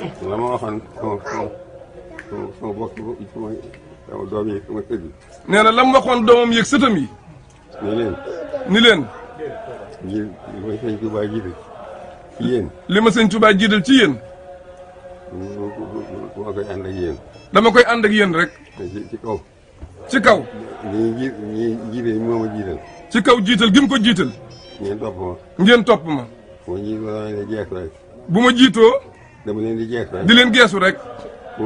la ma waxoon na la waxoon doomam yeeg sëtam yi. ni leen. ni leen. li ma sëñ Touba jiital ci yéen. li ma sëñ Touba jiital ci yéen. dama koy àndak ak dama koy ànd ak rek. ci kaw. ci kaw. ñi jiite moo ma jiital. ci kaw jiital gi mu ko jiital. ngeen topp ma. ngeen topp ma. bu ma jiitoo. dama leen di geesu rek. di leen geesu rek. bu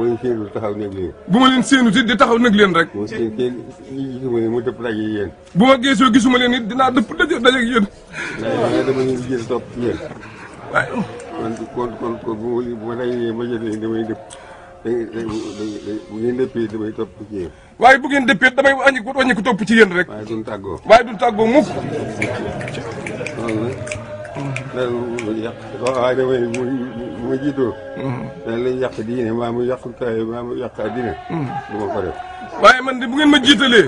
ma leen séenu taxaw ma leen séenu it di taxaw nag leen rek. bu ma seen seen gisuma leen mu dëpp daje yéen. ma geesoo gisuma leen it dëpp daje daje ak dama leen di jël topp yéen. kon kon kon bu ma bu ma dajee ma jël leen damay dëpp bu ngeen ci yéen. waaye bu ngeen dëppee damay wàññi ko topp ci yéen rek. waaye duñ tàggoo. waaye duñ tàggoo léegi mu yàq doomu aadama yi mu mu jiitoo. léegi mm-hmm. lay yàq diine maa mu yàq kaay maa mu yàq diine. Mm-hmm. du ma ko waaye man de bu ngeen ma jiitalee.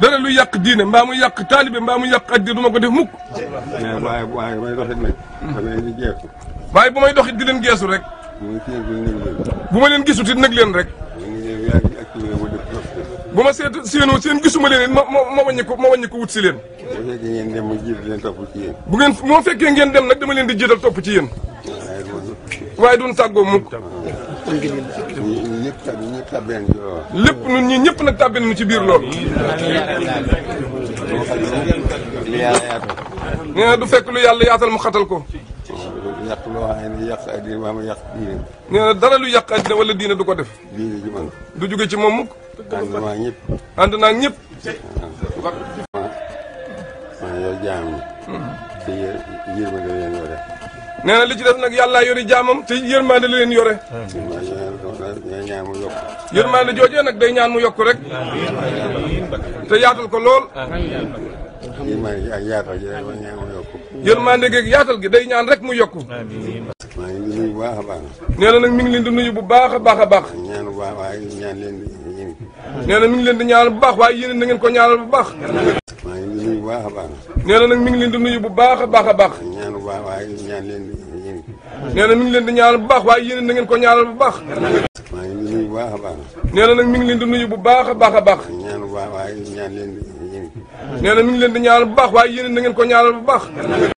dara lu yàq diine mbaa mu yàq taalibe mbaa mu yàq addi du ma ko def mukk. waaye waaye may doxit nag. Mm-hmm. damay di geesu. waaye bu may doxit di leen geesu rek. bu ma leen gisut it nag leen rek. bu ma seet séenoo seen gisuma leen ma ma ma wàññi ko ma wàññi ko wut si leen. bu fekkee ngeen dem ma jiital leen topp ci yéen. bu ngeen moo fekkee ngeen dem nag dama leen di jiital topp ci yéen. waaye duñ tàggoo mukk. lépp ñun ñii ñëpp nag tàbbi nañu ci biir loolu. nee na du fekk lu yàlla yaatal mu xatal ko. yàq loo xam ne yàq addina maa ma yàq diine. nee dara lu yàq addina wala diina du ko def. diine ji du jóge ci moom mukk. ànd naa ak ñëpp. ànd naa maa yor jaam ñi. te yërmande leen yore. nee na li ci def nag yàllaa yori jaamam te yërmande leen yore. yërmande joojee nag day ñaan mu yokk rek. te yaatal ko lool. yërmande gi ak yaatal gi rek ñaan mu yokku. yërmande gi yaatal gi day ñaan rek mu yokku. maa ngi a baax. nee na nag mi ngi leen di nuyu bu baax a baax a baax. ñaan bu baax waaye ñaan leen di yéen. na mi ngi leen di ñaanal bu baax waaye yéen na ngeen ko ñaanal bu baax. maa a baax. nee na nag mi ngi leen di nuyu bu baax a baax a baax. ñaan bu baax waaye ñaan leen di yéen. na mi ngi leen di ñaanal bu baax waaye yéen na ngeen ko ñaanal bu baax. maa ngi nuyu bu baax a baax. nee na nag mi ngi leen di nuyu bu baax a baax a baax. ñaan bu baax waaye ñaan leen di nee na mi ngi leen di ñaanal bu baax waaye yéen na ngeen ko ñaanal bu baax